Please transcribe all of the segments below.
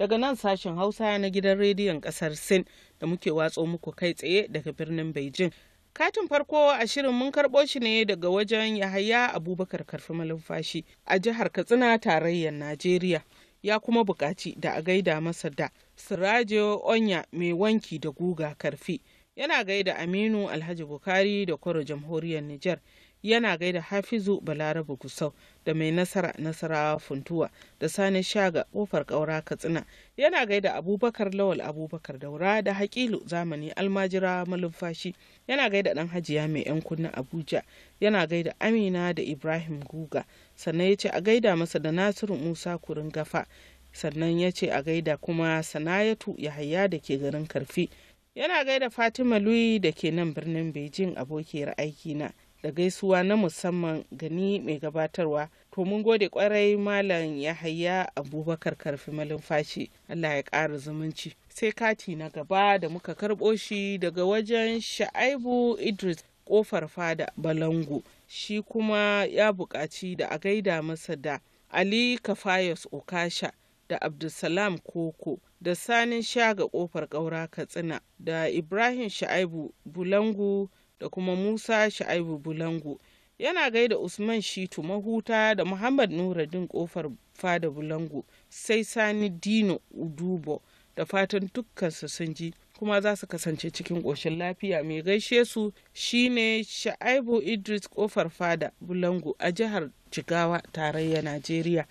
daga nan sashen hausa na gidan rediyon kasar sin da muke watso muku kai tsaye daga birnin beijing katin farko a shirin mun karɓo shi ne daga wajen yahaya abubakar karfi malumfashi a jihar katsina tarayyar najeriya ya kuma buƙaci da a gaida masa da sirajo onya mai wanki da guga karfi yana gaida aminu alhaji bukari da kwaro jamhuriyar niger yana gaida hafizu balarabe gusau da mai nasara nasarawa funtuwa da sani shaga kofar ƙaura katsina yana gaida abubakar lawal abubakar daura da hakilu zamani almajira malumfashi yana gaida ɗan hajiya mai yan kunna abuja yana gaida amina da ibrahim guga sannan ya ce a gaida masa da nasiru musa kurin gafa sannan ya ce a gaida kuma sanayatu yahaya da ke garin karfi yana gaida fatima lui da ke nan birnin beijing abokiyar aikina da gaisuwa na musamman gani mai gabatarwa to mun gode kwarai malam ya haya abubakar karfi fashi allah ya ƙara zumunci sai kati na gaba da muka karɓo shi daga wajen sha'aibu idris kofar fada balangu shi kuma ya buƙaci da a gaida masa da ali kafayos okasha da abdulsalam koko da sanin shaga kofar ƙaura katsina da ibrahim sha'aibu bulangu da kuma Musa Sha'ibu Bulango. Yana gaida Usman Shitu Mahuta da Muhammad Nuruddin Kofar Fada Bulango sai Sani Dino Udubo da fatan su sun ji kuma za su kasance cikin ƙoshin lafiya mai gaishe su shine Sha'ibu Idris Kofar Fada Bulango a jihar Jigawa tarayya Najeriya.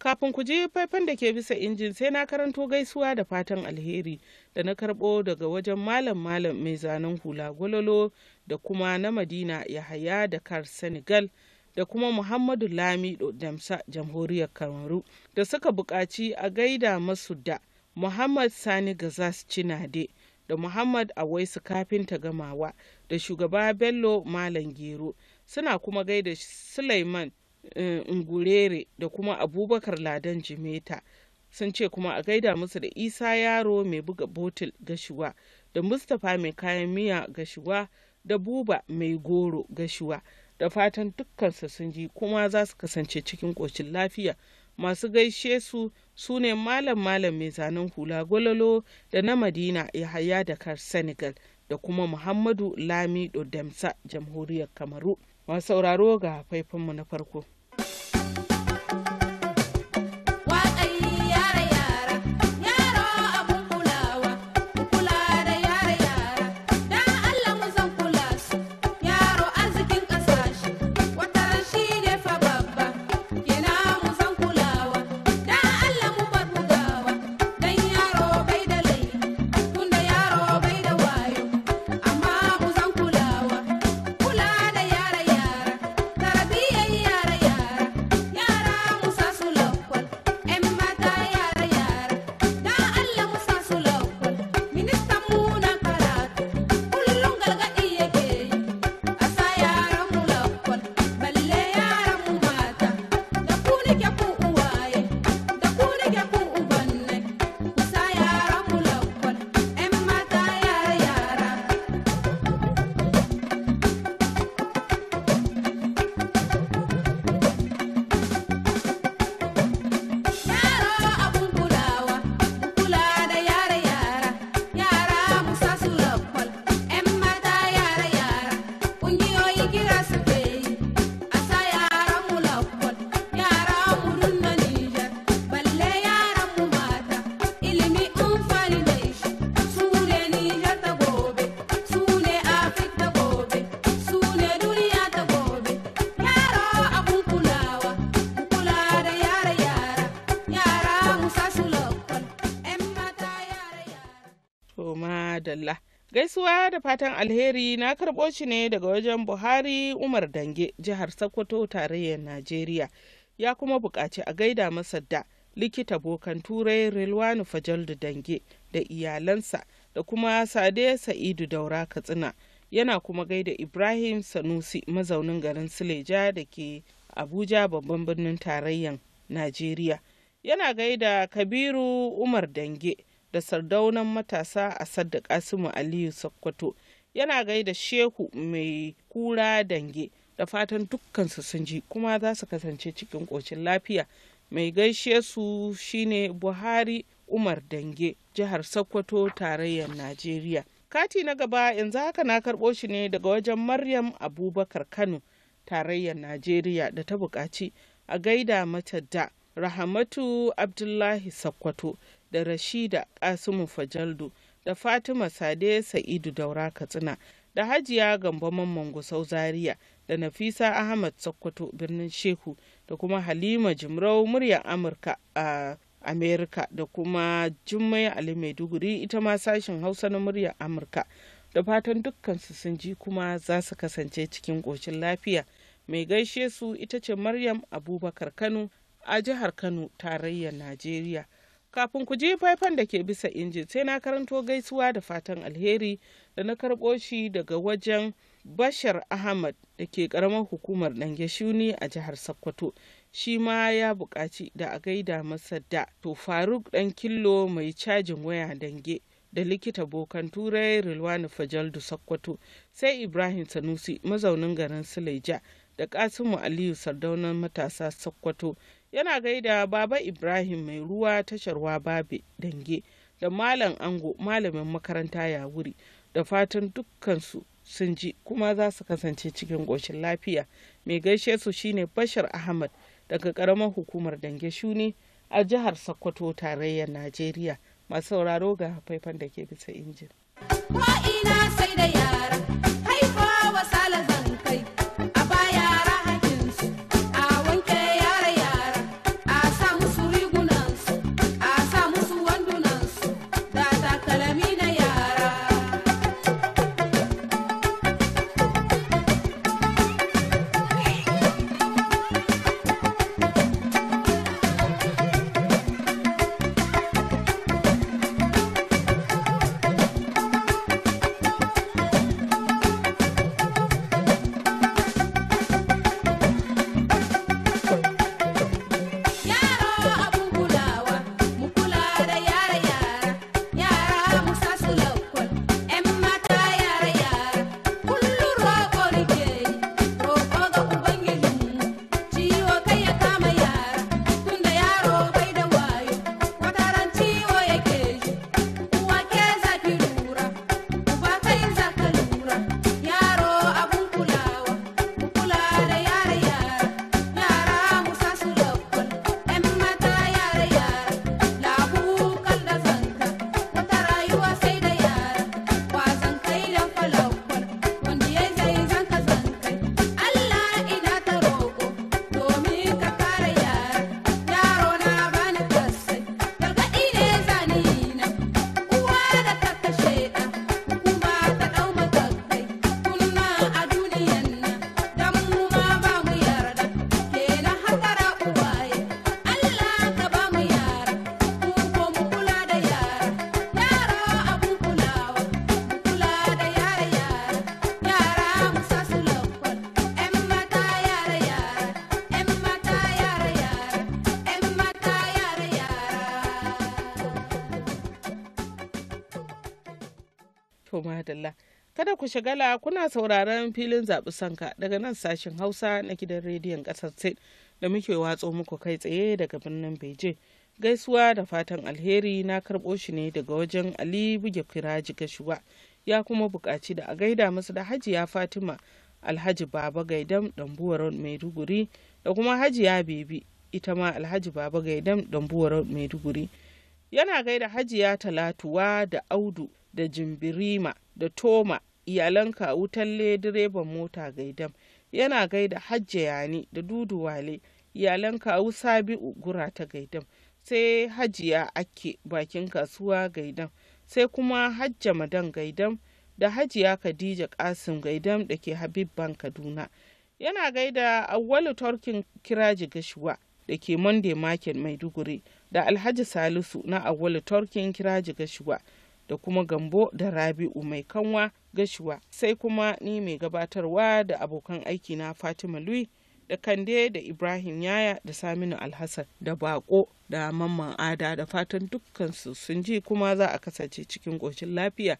kafin ku je faifan da ke bisa injin sai na karanto gaisuwa da fatan alheri da na karbo daga wajen malam malam mai zanen hula gwalolo da kuma na madina yahaya da kar senegal da kuma muhammadu lami damsa jamhuriyar kamaru da suka buƙaci a gaida masu da muhammad sani gazas cinade da muhammad awaisu kafinta gamawa da shugaba bello malam gero suna kuma gaida suleiman eh, ngurere da kuma abubakar ladan jimeta sun ce kuma a gaida musu da isa yaro mai buga botil gashuwa da mustapha mai kayan miya gashuwa da buba mai goro gashuwa da fatan dukkansa sun ji kuma za su kasance cikin ƙoshin lafiya masu gaishe su su ne malam malam mai zanen hula gwalolo da na madina yahaya da kar senegal da kuma muhammadu lami damsa jamhuriyar kamaru masu sauraro ga faifinmu na farko A da fatan alheri na karɓo shi ne daga wajen Buhari Umar Dange jihar Sokoto tarayyar Najeriya ya kuma buƙaci a gaida masa da likita bokan turai Rilwanu Fajaldu Dange da iyalansa da kuma Sade Sa'idu Daura Katsina yana kuma gaida Ibrahim Sanusi mazaunin garin sileja da ke Abuja babban birnin tarayyar Najeriya yana gaida Kabiru Umar Dange da sardaunan matasa a sadda kasimu aliyu sakkwato yana gaida shehu mai kura dange da fatan dukkansu sun ji kuma za su kasance cikin ƙocin lafiya mai gaishe su shine buhari umar dange jihar sokoto tarayyar najeriya kati na gaba yanzu haka na karɓo shi ne daga wajen maryam abubakar kano tarayyar najeriya da ta buƙaci a gaida mata da rahamatu abdullahi sakkwato da Rashida Kasimu Fajaldo da Fatima Sade Sa'idu Daura Katsina da Hajiya Gambo Mamman Gusau Zaria da Nafisa Ahmad Sokoto birnin Shehu da kuma Halima Jimrau muryar Amurka a Amerika da kuma Jummai Ali Maiduguri ita ma sashin Hausa na muryar Amurka da fatan dukkansu sun ji kuma za su kasance cikin ƙoshin lafiya mai gaishe su ita ce Maryam Abubakar Kano a jihar Kano tarayyar Najeriya. kafin ku je faifan da ke bisa injin sai na karanto gaisuwa da fatan alheri da na karɓo shi daga wajen bashar ahmad da ke karamar hukumar shuni a jihar sokoto shi ma ya buƙaci da a gaida masa da to faruk ɗan killo mai cajin waya dange da likita bokan turai rilwani fajaldu sokoto sai ibrahim sanusi mazaunin garin suleja da kasimu aliyu sardaunan matasa sokoto yana gaida baba ibrahim mai ruwa tashar babe dange da malam ango malamin makaranta ya wuri da fatan dukkansu sun ji kuma za su kasance cikin ƙoshin lafiya mai gaishe su shine bashar ahmad daga ƙaramar hukumar dange shuni a jihar sokoto tarayyar najeriya masu sauraro ga faifan da ke bisa injin. ina sai da yara. To madalla. Kada ku shagala kuna sauraron filin zaɓi sanka daga nan sashen Hausa na gidan rediyon ƙasar Sin da muke watso muku kai tsaye daga birnin Beijing. Gaisuwa da fatan alheri na karɓo shi ne daga wajen Ali Buge Firaji Gashuwa ya kuma buƙaci da a gaida masu da Hajiya Fatima Alhaji Baba Gaidam Dambuwar Maiduguri da kuma Hajiya Bebi ita ma Alhaji Baba Gaidam Dambuwar Maiduguri. Yana gaida Hajiya Talatuwa da Audu da Jimbirima da Toma iyalan kawu Talle direban mota Gaidam yana gaida Hajja Yani da Dudu Wale iyalan kawu Sabi'u gura ta Gaidam sai Hajiya Ake bakin kasuwa Gaidam sai kuma Hajja Madan Gaidam da Hajiya Khadija Kasim Gaidam da ke Habibban Kaduna yana gaida Awwalu Turkin Kiraji Gashuwa da ke Monday Market Maiduguri da Alhaji Salisu na Awwalu Turkin Kiraji Gashuwa da kuma gambo da rabi'u mai kanwa gashuwa sai kuma ni mai gabatarwa da abokan aiki na fatima lui da kande da ibrahim yaya da saminu alhassan da bako da mamman ada da fatan dukkansu sun ji kuma za a kasance cikin ƙoshin lafiya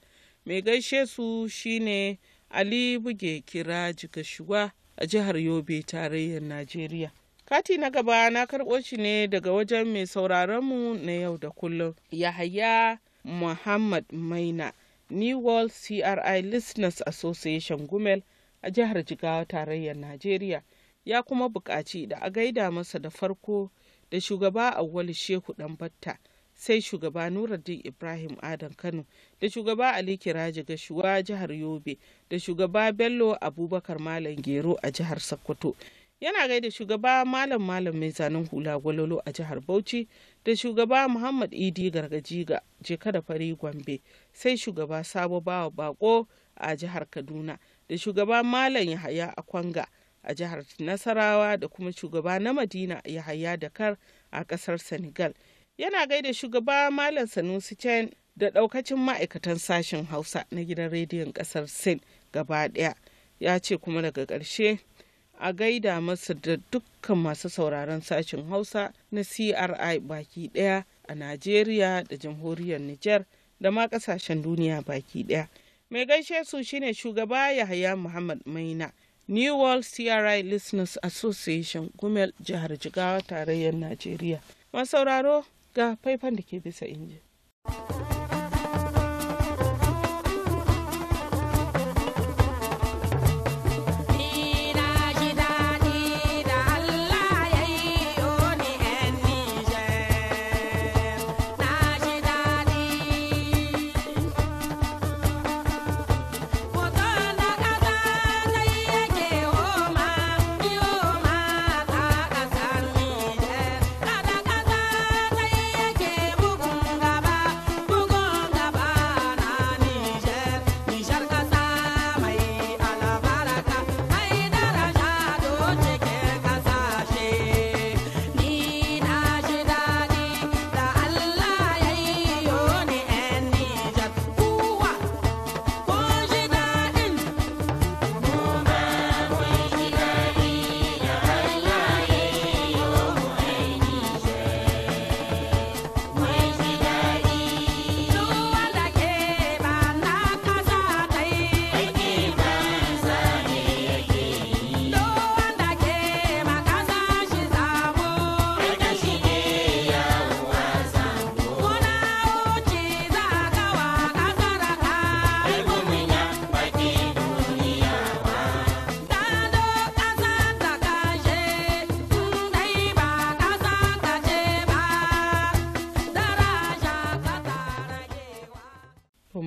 mai gaishe su shine ali buge kira gashuwa a jihar yobe tarayyar najeriya kati na gaba na karɓo shi ne daga wajen mai mu na yau da kullum yahaya Muhammad Maina, New World CRI Listeners Association Gumel a jihar Jigawa tarayyar Najeriya, ya kuma buƙaci da a gaida masa da farko da shugaba Auwalu Shehu ɗan Batta sai shugaba Nuruddin Ibrahim Adam Kano da shugaba Ali Kiraji Gashuwa jihar Yobe da shugaba Bello Abubakar Malam Gero a jihar Sokoto. yana gaida shugaba malam malam mai zanen hula gwalolo a jihar bauchi da shugaba muhammad idi gargajiga jika da fari gombe sai shugaba sabo bawa bako a jihar kaduna da shugaba malam yahaya a kwanga a jihar nasarawa da kuma shugaba na madina yahaya kar a kasar senegal yana gaida shugaba malam sanusi chen da daukacin ma'aikatan sashen hausa na gidan rediyon kasar sin gaba daya ya ce kuma daga ƙarshe a gaida masa da dukkan masu sauraron sashen hausa na cri baki daya a najeriya da jamhuriyar Nijar da ma kasashen duniya baki daya mai gaishe su shine shugaba yahaya muhammad maina new world cri listeners association gumel jihar jigawa tarayyar najeriya sauraro ga faifan da ke bisa injin.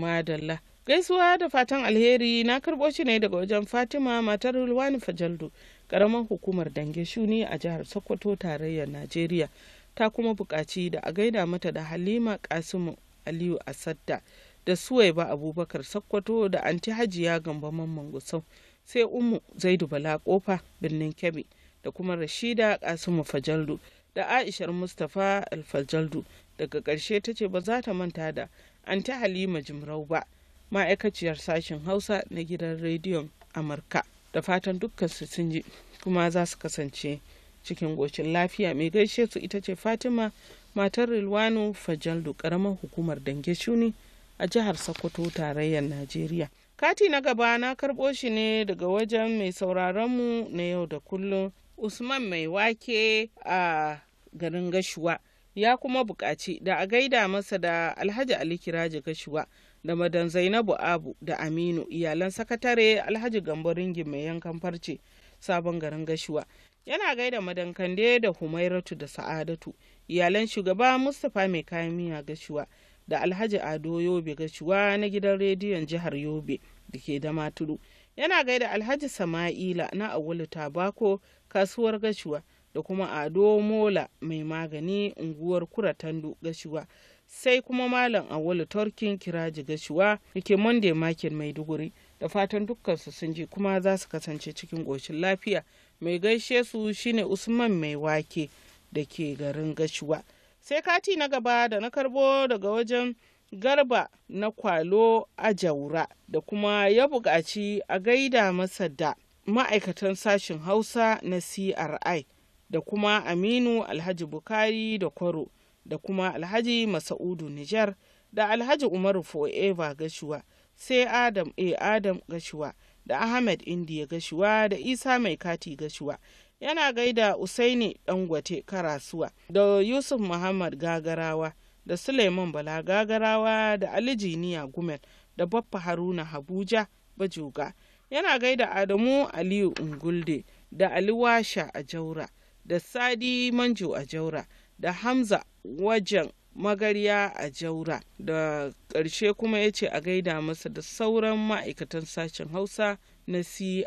madalla gaisuwa da fatan alheri na karbo shi ne daga wajen fatima matar luwani fajaldu karamar hukumar dange shuni a jihar sokoto tarayyar najeriya ta kuma bukaci da a gaida mata da halima kasimu aliyu asadda da suwaiba abubakar sokoto da anti hajiya gamba mamman gusau sai umu zaidu bala kofa birnin kebbi da kuma rashida kasimu fajaldu da aishar mustapha alfajaldu daga ƙarshe ta ce ba za ta manta da an ta halima jimrau ba ma'aikaciyar sashen hausa na gidan rediyon amurka da fatan dukkan su sun ji kuma za su kasance cikin goshin lafiya mai gaishe su ita ce fatima matar rilwanu fajaldu karamar hukumar dange shuni a jihar sokoto tarayyar najeriya kati na gaba na karbo shi ne daga wajen mai sauraronmu na yau da kullum usman mai wake a garin gashuwa ya kuma buƙaci da a gaida masa da alhaji ali kiraji gashuwa da madan zainabu abu da aminu iyalan sakatare alhaji gambo ringin mai yankan farce sabon garin gashuwa yana gaida madan kande da humairatu da sa'adatu iyalan shugaba mustapha mai kayan miya gashuwa da alhaji ado yobe gashuwa na gidan rediyon jihar yobe da ke da maturu yana gaida alhaji sama'ila na awulu tabako kasuwar gashuwa da kuma ado mola mai magani unguwar kuratandu gashuwa sai kuma malam awolu turkin kiraji gashuwa yake ke monday market maiduguri da fatan dukkansu sun ji kuma za su kasance cikin ƙoshin lafiya mai gaishe su shine usman mai wake da ke garin gashuwa sai kati na gaba da na karbo daga wajen garba na kwalo a jaura da kuma ya buƙaci a gaida masa da ma'aikatan sashen hausa na cri da kuma aminu alhaji bukari da kwaro da kuma alhaji masa'udu nijar da alhaji umaru fo'eva gashuwa sai adam a adam gashuwa da ahmed indiya gashuwa da isa mai kati gashuwa yana gaida usaini dangote karasuwa da yusuf muhammad gagarawa da suleiman bala gagarawa da ali jiniya gumel da baffa haruna habuja bajuga yana gaida adamu aliyu ungulde da aliwasha a jaura da Sadi Manjo a Jaura da Hamza wajen magarya a Jaura da ƙarshe kuma ya ce a gaida masa da sauran ma'aikatan sashen Hausa na CRI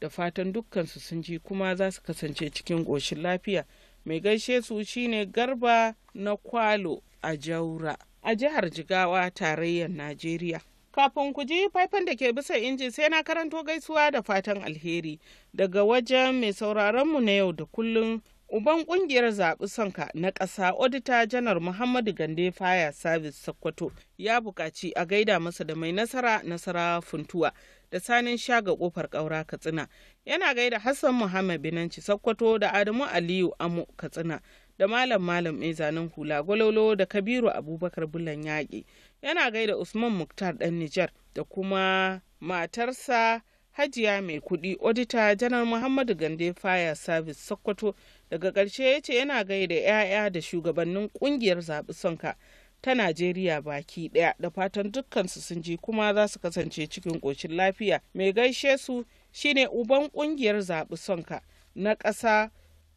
da fatan dukkansu sun ji kuma za su kasance cikin ƙoshin lafiya. Mai gaishe su shine Garba na Kwalo a Jaura a jihar Jigawa tarayyar Najeriya. Kafin ku ji faifan da ke bisa inji sai na karanto gaisuwa da fatan alheri daga wajen mai sauraronmu na yau da kullun uban kungiyar zaɓi sonka na ƙasa odita janar muhammadu gande faya service sokoto ya buƙaci a gaida masa da mai nasara nasara funtuwa da sanin shaga ƙofar ƙaura katsina yana gaida hassan muhammad binanci sokoto da adamu aliyu amu katsina da malam malam mai zanen hula gwalolo da kabiru abubakar bulan yaƙi yana gaida usman muktar ɗan nijar da kuma matarsa hajiya mai kuɗi odita janar muhammadu gande fire service sokoto daga ƙarshe ya ce yana gaida 'ya'ya da shugabannin ƙungiyar zaɓi sonka ta Najeriya baki ɗaya da fatan dukkansu sun ji kuma za su kasance cikin ƙoshin lafiya. Mai gaishe su shine uban ƙungiyar zaɓi sonka na ƙasa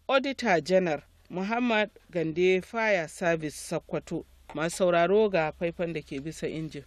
Odita Janar muhammad gande fire service Sokoto. masu sauraro ga faifan da ke bisa injin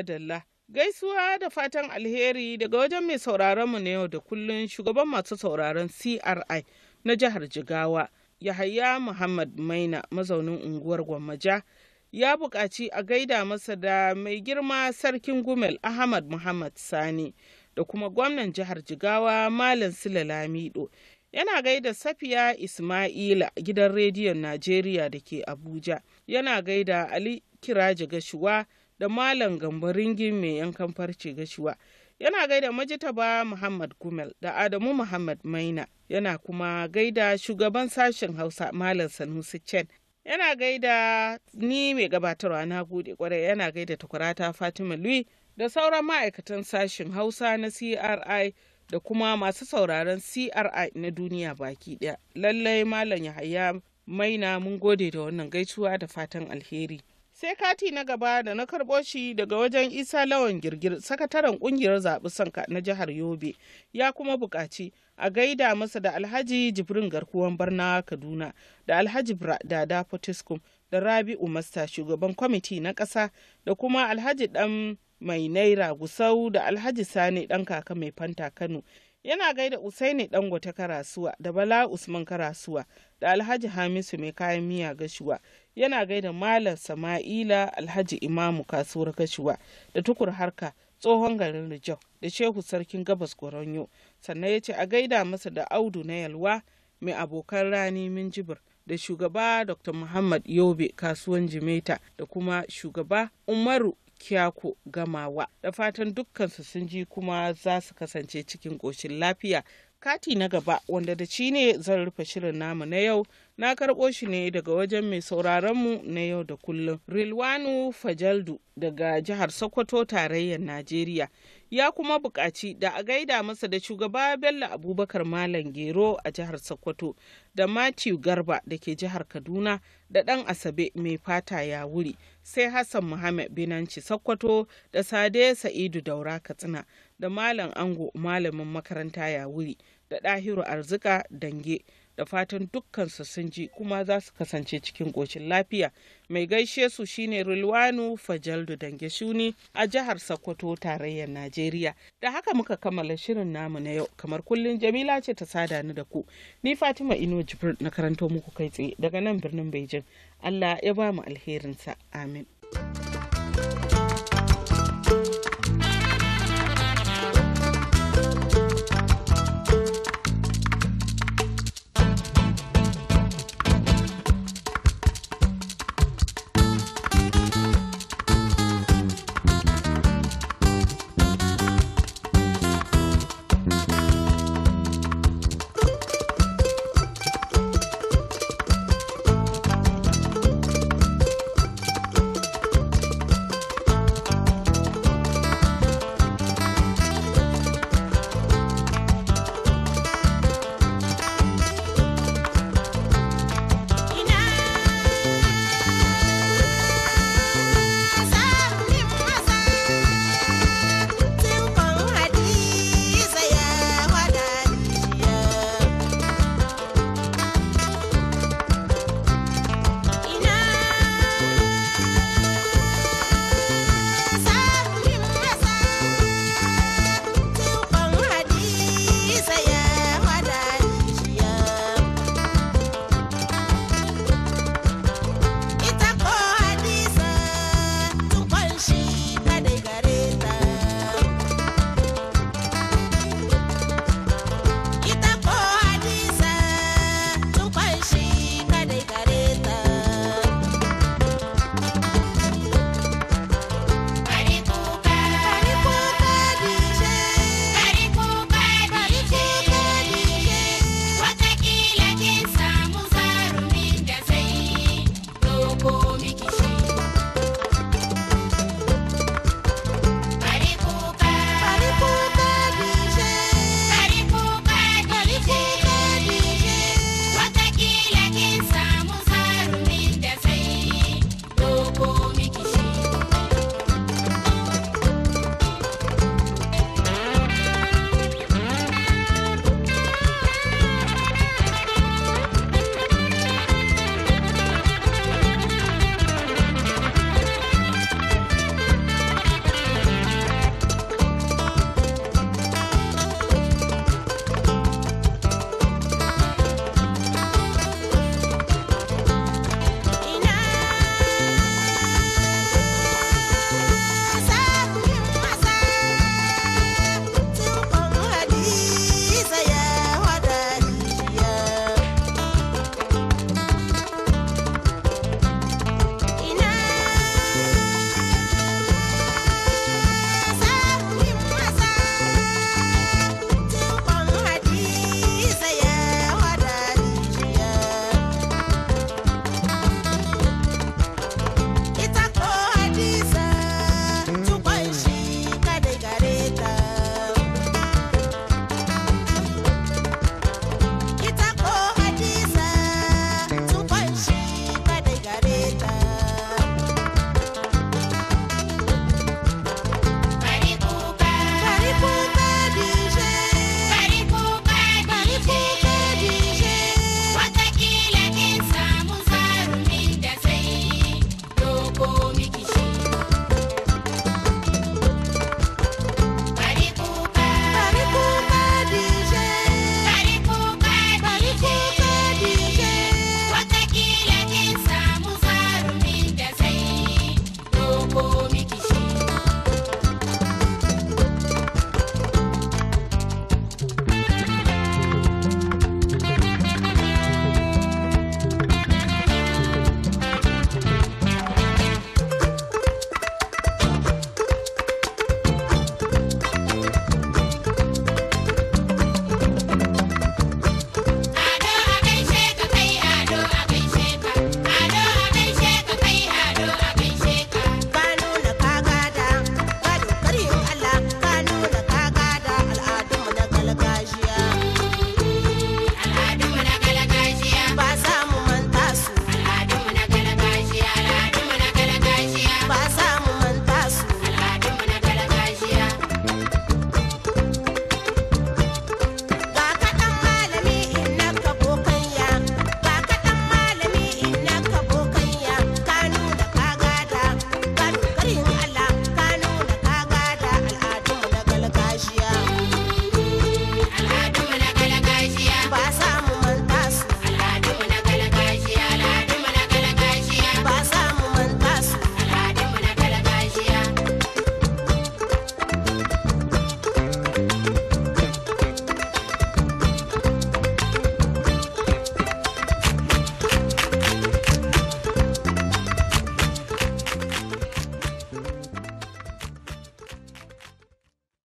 adalla Gaisuwa da fatan alheri daga wajen mai sauraron mu na yau da kullun shugaban masu sauraron CRI na jihar Jigawa, Yahaya Muhammad Maina mazaunin unguwar Gwammaja. ya buƙaci a gaida masa da mai girma sarkin gumel ahmad muhammad sani da kuma gwamnan jihar jigawa malam sila lamido yana gaida safiya ismaila gidan rediyon najeriya da ke abuja yana gaida ali kiraji gashuwa da Malam Gambo Ringin mai yankan farce gashuwa. Yana gaida Majitaba Muhammad Gumel da Adamu Muhammad Maina yana kuma gaida shugaban sashen Hausa Malam Sanusi Chen. Yana gaida ni mai gabatarwa na gode kwarai yana gaida takwarata Fatima Lui da sauran ma'aikatan sashen Hausa na CRI da kuma masu sauraron CRI na duniya baki ɗaya. Lallai Malam Yahaya Maina mun gode da wannan gaisuwa da fatan alheri. sai kati na gaba da na karɓo shi daga wajen isa lawan girgir sakataren ƙungiyar zaɓi sanka na jihar yobe ya kuma buƙaci a gaida masa da alhaji jibrin garkuwan barna kaduna da alhaji dada potiskum da rabi'u masta shugaban kwamiti na ƙasa da kuma alhaji ɗan mai naira gusau da alhaji sani ɗan kaka mai fanta kano yana gaida usaini dangote karasuwa da bala usman karasuwa da alhaji hamisu mai kayan miya gashuwa yana gaida malam sama'ila alhaji imamu kasuwar kashuwa da tukur harka tsohon garin rijau da shehu sarkin gabas goronyo sannan ya ce a gaida masa da audu na yalwa mai abokan rani minjibir da shugaba dr muhammad yobe kasuwan jimeta da kuma shugaba umaru kyako gamawa da fatan dukkansu sun ji kuma za su kasance cikin ƙoshin lafiya kati na gaba wanda da shi ne zan rufe shirin namu na yau na karɓo shi ne daga wajen mai sauraronmu na yau da kullum rilwanu fajaldu daga jihar sokoto tarayyar najeriya ya kuma buƙaci da a gaida masa da shugaba bello abubakar malam gero a jihar sokoto da matthew garba da ke jihar kaduna da ɗan asabe mai fata ya wuri sai hassan muhammad binanci sokoto da sade sa'idu daura katsina da malam ango malamin makaranta ya wuri da ɗahiru arzika dange da fatan dukkansu sun ji kuma za su kasance cikin ƙoshin lafiya mai gaishe su shine rilwanu Fajaldo dange shuni a jihar sokoto tarayyar najeriya da haka muka kammala shirin namu na yau kamar kullum jamila ce ta sada ni da ku ni fatima ino jibril na karanto muku kai tsaye daga nan birnin beijing allah ya ba mu alherinsa amin.